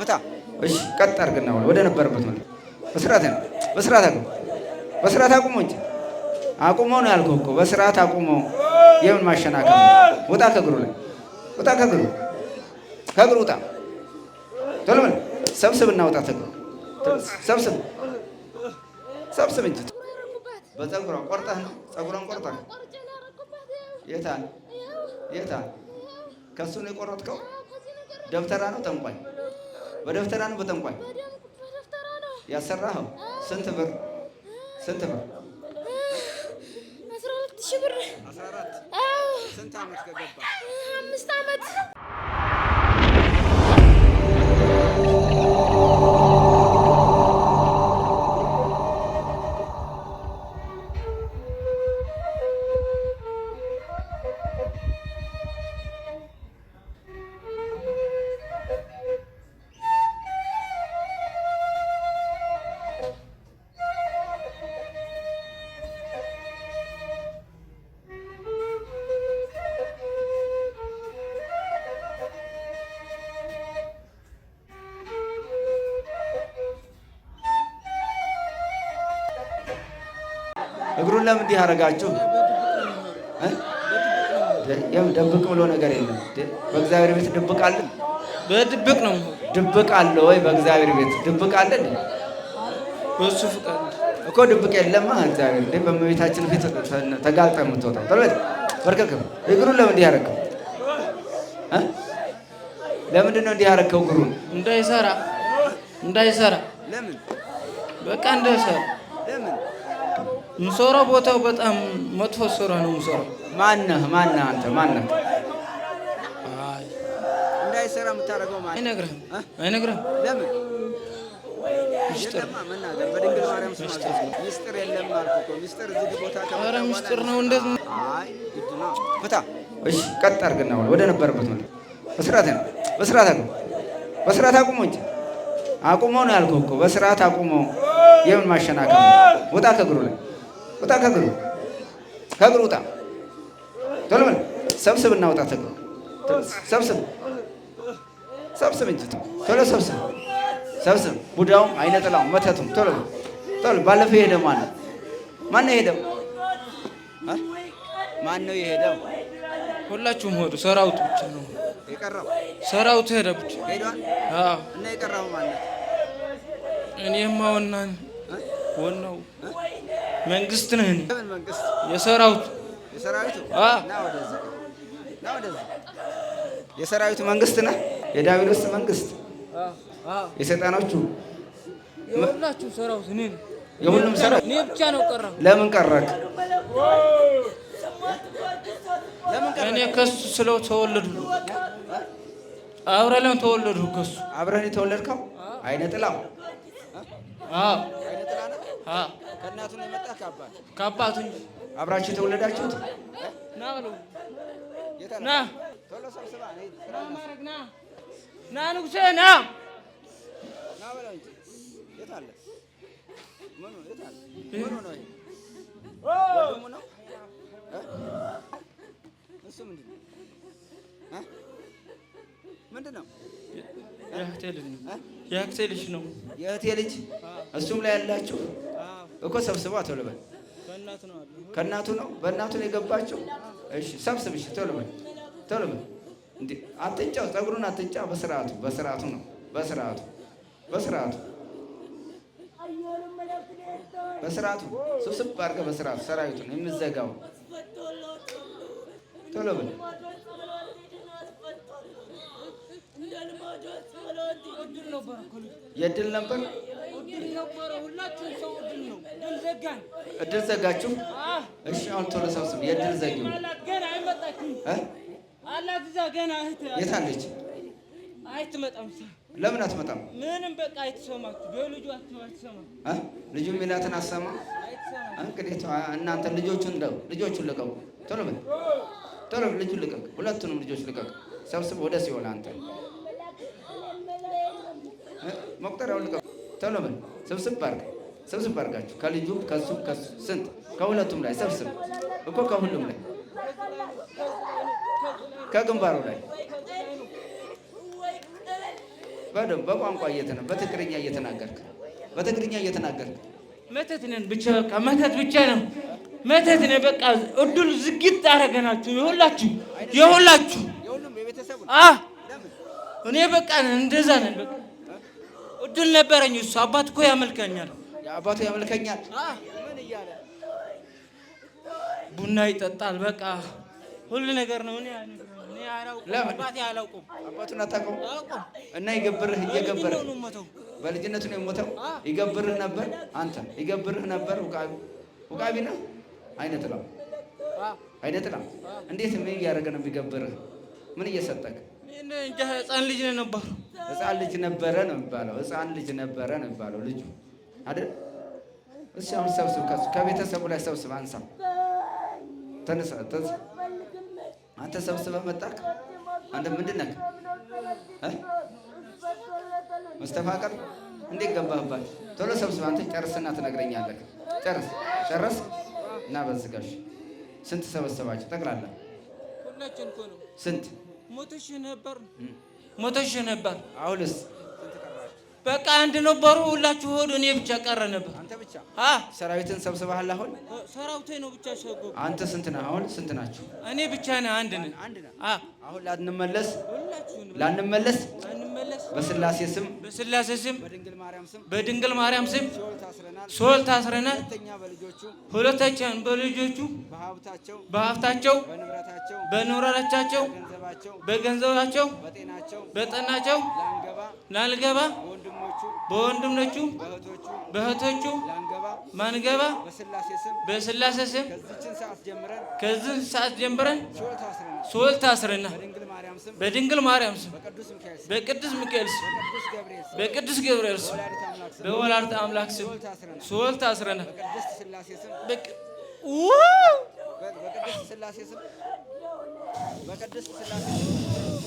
ፍታ። እሺ፣ ቀጥ አድርግና ወደ ነበረበት ማለት በስርዓት ነው። በስርዓት አቁሞ በስርዓት አቁሞ እንጂ አቁሞ ነው ያልከው እኮ በስርዓት አቁሞ። የምን ማሸናከም? ውጣ ከእግሩ ላይ ውጣ፣ ከእግሩ ከእግሩ ውጣ። ቶሎ በል ውጣ። ተግሩ ሰብስብ ሰብስብ እንጂ በፀጉሯ ቆርጠህ ነው ፀጉሯን ቆርጠህ ከእሱ ነው የቆረጥከው። ደብተራ ነው ጠንቋይ? በደብተራ ነው በጠንቋይ ያሰራኸው? ስንት ብር ስንት ብር? አስራ ሺህ ብር። ስንት አመት ከገባ? አምስት አመት? ለምን እንዲህ አደረጋችሁ? ደብቅ ብሎ ነገር የለም። በእግዚአብሔር ቤት ድብቅ አለ። በድብቅ ነው። ድብቅ አለ ወይ? በእግዚአብሔር ቤት ድብቅ አለ በሱ ፍቃድ እኮ ድብቅ የለም። እግዚአብሔር እንደ በመቤታችን ፊት ተጋልጠ የምትወጣው ተልበት በርከክም እግሩን ለምን እንዲህ ያረከው? ለምንድን ነው እንዲህ ያረከው? እግሩን እንዳይሰራ እንዳይሰራ ለምን በቃ እንዳይሰራ ለምን ምሶሮ ቦታው በጣም መጥፎ ሶሮ ነው። ምሶሮ ማነህ ማነህ አንተ ማነህ? እንዳይሰራ የምታደርገው ማነህ? አይነግርህም አይነግርህም። ለምን ምስጢር ነው። እንዴት ነው? ፍታ። እሺ፣ ቀጥ አድርግና ወደ ነበረበት በስርዓት ነው። በስርዓት አቁሞ በስርዓት አቁሞ እንጂ አቁሞ ነው ያልከው እኮ በስርዓት አቁሞ የምን ውጣ ከእግሩ ላይ ውጣ ከእግሩ ከእግሩ ውጣ። ቶሎ በል ሰብስብ እና ውጣ ተግሩ ሰብስብ ሰብስብ እንጂ ቶሎ ሰብስብ ሰብስብ። ቡዳውም አይነ ጥላው መተቱም ቶሎ ቶሎ። ባለፈው የሄደ ማን ነው? ማን ነው የሄደው? ማን ነው የሄደው? ሁላችሁም ሆዱ ሰራውት ብቻ ነው የቀረው። ሰራውት ሄደ ብቻ ሄዷል። አዎ እና የቀረው ማን ነው? እኔማ ወናን ወናው መንግስት ነህ። የሰራዊት የሰራዊቱ መንግስት ነህ። የዲያብሎስ መንግስት የሰይጣኖቹ የሁላችሁ ሰራዊት እኔ ነኝ። የሁሉም ሰራዊት እኔ ብቻ ነው ቀረ። ለምን ቀረክ? እኔ ከሱ ስለው ተወለዱ አብረህ ለምን ተወለዱ? ከሱ አብረህ የተወለድከው አይነ ጥላው ከእናቱ ነው የመጣ ከአባቱ ከአባቱ አብራችሁ የተወለዳችሁት ና በለው ና ቶሎ ሰብስባ ና ና ንጉሴ ና ና በለው እንጂ የት አለ ምኑ የት አለ ምኑ ነው ይሄ ነው እሱ ምንድን ነው ምንድን ነው የእህቴ ልጅ ነው የእህቴ ልጅ ነው የእህቴ ልጅ እሱም ላይ ያላችሁ እኮ ሰብስቧ ቶሎ በል። ከእናቱ ነው በእናቱ ነው የገባችው። እሺ ሰብስብ። እሺ ቶሎ በል ቶሎ በል። እንዴ አትንጫው፣ ጸጉሩን አትንጫ። በስርዓቱ በስርዓቱ ነው በስርዓቱ በስርዓቱ በስርዓቱ ስብስብ አድርገህ በስርዓቱ ሰራዊቱን የምዘጋው ቶሎ በል የድል ነበር እድል ሰው እድል ዘጋችሁ። እሺ፣ አሁን ቶሎ ሰብስብ። የእድል ዘጊው አላት እዛ ገና እህት የት አለች? አይትመጣም። ለምን አትመጣም? ምንም በቃ አይትሰማችሁ። በልጁ አትሰማ። ልጁ ሚላትን አሰማ። እንግዲህ እናንተ ልጆቹን ለው ልጆቹን ልቀቁ። ቶሎ በል ቶሎ ልጁን ልቀቅ። ሁለቱንም ልጆች ልቀቅ። ሰብስብ ወደ ሲሆን አንተ መቁጠሪያውን ልቀቅ። ቶሎ በል ስብስብ አድርግ ስብስብ አድርጋችሁ ከልጁም ከሱም ስንት ከሁለቱም ላይ ሰብስብ እኮ ከሁሉም ላይ ከግንባሩ ላይ በደም በቋንቋ እየተነ በትግርኛ እየተናገርክ በትግርኛ እየተናገርክ መተት ነን ብቻ በቃ መተት ብቻ ነው መተት ነን በቃ እድል ዝግት አደረገናችሁ የሁላችሁ የሁላችሁ እኔ በቃ እንደዛ ነን በቃ እድል ነበረኝ። እሱ አባት እኮ ያመልከኛል፣ አባቱ ያመልከኛል። ቡና ይጠጣል። በቃ ሁሉ ነገር ነው። እኔ አባቴ አላውቅም። አባቱን አታውቀውም? እና ይገብርህ እየገብርህ በልጅነቱ ነው የሞተው። ይገብርህ ነበር አንተ ይገብርህ ነበር። ውቃቢ ነው፣ አይነት ነው፣ አይነት ነው። እንዴት ምን እያደረገ ነው የሚገብርህ? ምን እየሰጠህ ህፃን ልጅ ነበሩ። ህፃን ልጅ ነበረ ነው የሚባለው። ህፃን ልጅ ነበረ ነው የሚባለው። ልጁ አይደል? እሺ፣ አሁን ሰብስብ፣ ከቤተሰቡ ላይ ሰብስብ፣ አንሳ፣ ተነሳ፣ ተነሳ። አንተ ሰብስበህ መጣህ። አንተ ምንድን ነህ? መስተፋቀር እንዴት ገባህባት? ቶሎ ሰብስበህ አንተ ጨርስና ትነግረኛለህ። ጨርስ፣ ጨርስ እና በዝጋሽ። ስንት ሰበሰባችሁ ጠቅላላ? ስንት ሞተሽ ነበር ሞተሽ ነበር። አሁንስ በቃ አንድ ነበሩ ሁላችሁ ሆዱ፣ እኔ ብቻ ቀረ ነበር። አንተ ብቻ ሰራዊትን ሰብስበሃል። አሁን ሰራዊቴ ነው ብቻ ሸጎ። አንተ ስንት ነህ አሁን? ስንት ናችሁ? እኔ ብቻ ነህ። አንድ ነህ። አሁን ላንመለስ፣ ላንመለስ፣ በስላሴ ስም፣ በስላሴ ስም፣ በድንግል ማርያም ስም፣ በድንግል ማርያም ስም ሶል ታስረናል። ሁለተኛን በልጆቹ በሀብታቸው፣ በንብረታቸው፣ በንብረታቸው፣ በገንዘባቸው፣ በገንዘባቸው፣ በጤናቸው፣ በጤናቸው በጠናቸው? ላልገባ በወንድሞቹ በእህቶቹ ማንገባ በስላሴ ስም ከዚህን ሰዓት ጀምረን ሶል ታስረና በድንግል ማርያም ስም በቅዱስ ሚካኤል ስም በቅዱስ ገብርኤል ስም በወላዲተ አምላክ ስም ሶል ታስረና በቅዱስ ስላሴ ስም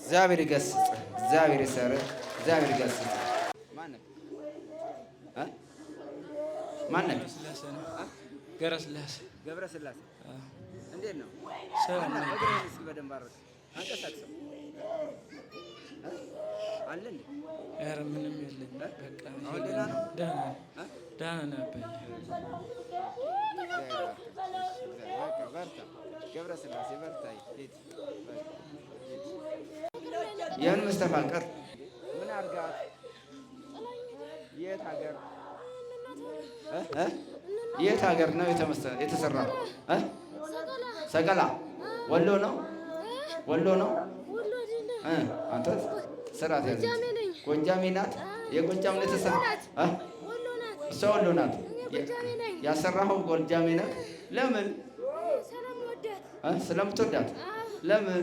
እግዚአብሔር ይገስጽ፣ እግዚአብሔር ይሰር፣ እግዚአብሔር ይገስጽ። ማነው? ገብረስላሴ ገብረስላሴ። እንዴት ነው? አንቀሳቅሰው አለ እንዴ? ኧረ ምንም የለኝም። በቃ ደህና ነበር። በርታ ገብረስላሴ፣ በርታ ያን መስተፋቀር ምን አድርጋት የት ሀገር የት ሀገር ነው የተሰራው? ሰቀላ ወሎ ነው። ወሎ ነው። አንተ ስራ ጎጃሜ ናት። የጎጃም ነው የተሰራ እሷ ወሎ ናት። ያሰራኸው ጎጃሜ ናት። ለምን ስለምትወዳት ለምን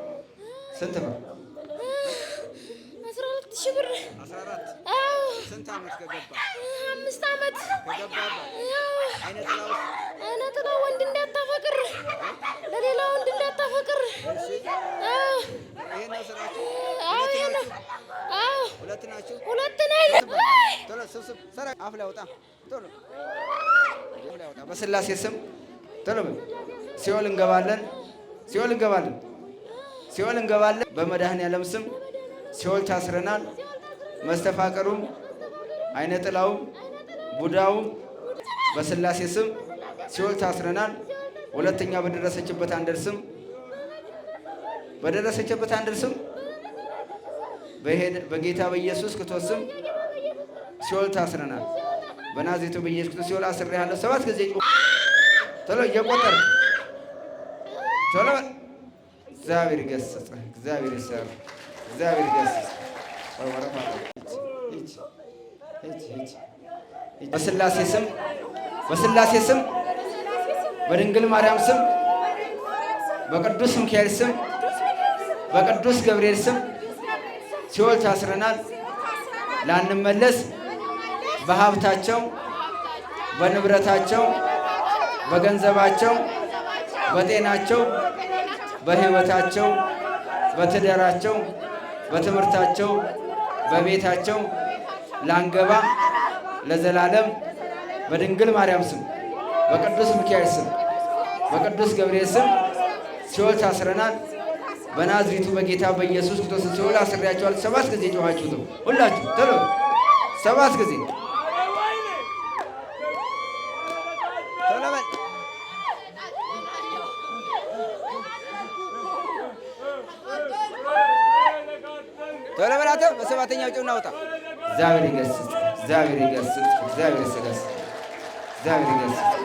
ስንት ብር? አስራ ሁለት ሺህ ብር። ስንት አመት ከገባ? አምስት ዓመት አይነ ወንድ እንዳታፈቅር፣ ለሌላ ወንድ እንዳታፈቅር። ሁለት ናችሁ? ሁለት ነኝ። አፍ ላይ አውጣ በስላሴ ስም ሲኦል እንገባለን፣ ሲኦል እንገባለን። ሲኦል እንገባለን። በመድኃኔዓለም ስም ሲኦል ታስረናል። መስተፋቀሩም አይነ ጥላውም ቡዳውም በስላሴ ስም ሲኦል ታስረናል። ሁለተኛ በደረሰችበት አንደርስም በደረሰችበት አንደርስም በጌታ በኢየሱስ ክርስቶስ ስም ሲኦል ታስረናል። በናዝሬቱ በኢየሱስ ክርስቶስ ሲኦል አስሬሃለሁ። ሰባት ጊዜ ጮህ ቶሎ እየቆጠር ቶሎ እግዚአብሔር ገሰጸ። እግዚአብሔር ይሰራ። እግዚአብሔር ገሰጸ። በስላሴ ስም በስላሴ ስም በድንግል ማርያም ስም በቅዱስ ሚካኤል ስም በቅዱስ ገብርኤል ስም ሲኦል ታስረናል ላንመለስ በሀብታቸው በንብረታቸው በገንዘባቸው በጤናቸው በህይወታቸው በትዳራቸው፣ በትምህርታቸው፣ በቤታቸው ላንገባ ለዘላለም በድንግል ማርያም ስም በቅዱስ ሚካኤል ስም በቅዱስ ገብርኤል ስም ሲኦል ታስረናል። በናዝሪቱ በጌታ በኢየሱስ ክርስቶስ ሲኦል አስሬያቸዋል። ሰባት ጊዜ ጮኋችሁ ነው ሁላችሁ ተሎ ሰባት ጊዜ ኃይለኛ ጮና አውጣ። እግዚአብሔር ይገስጽ፣ እግዚአብሔር ይገስጽ፣ እግዚአብሔር ይገስጽ፣ እግዚአብሔር ይገስጽ።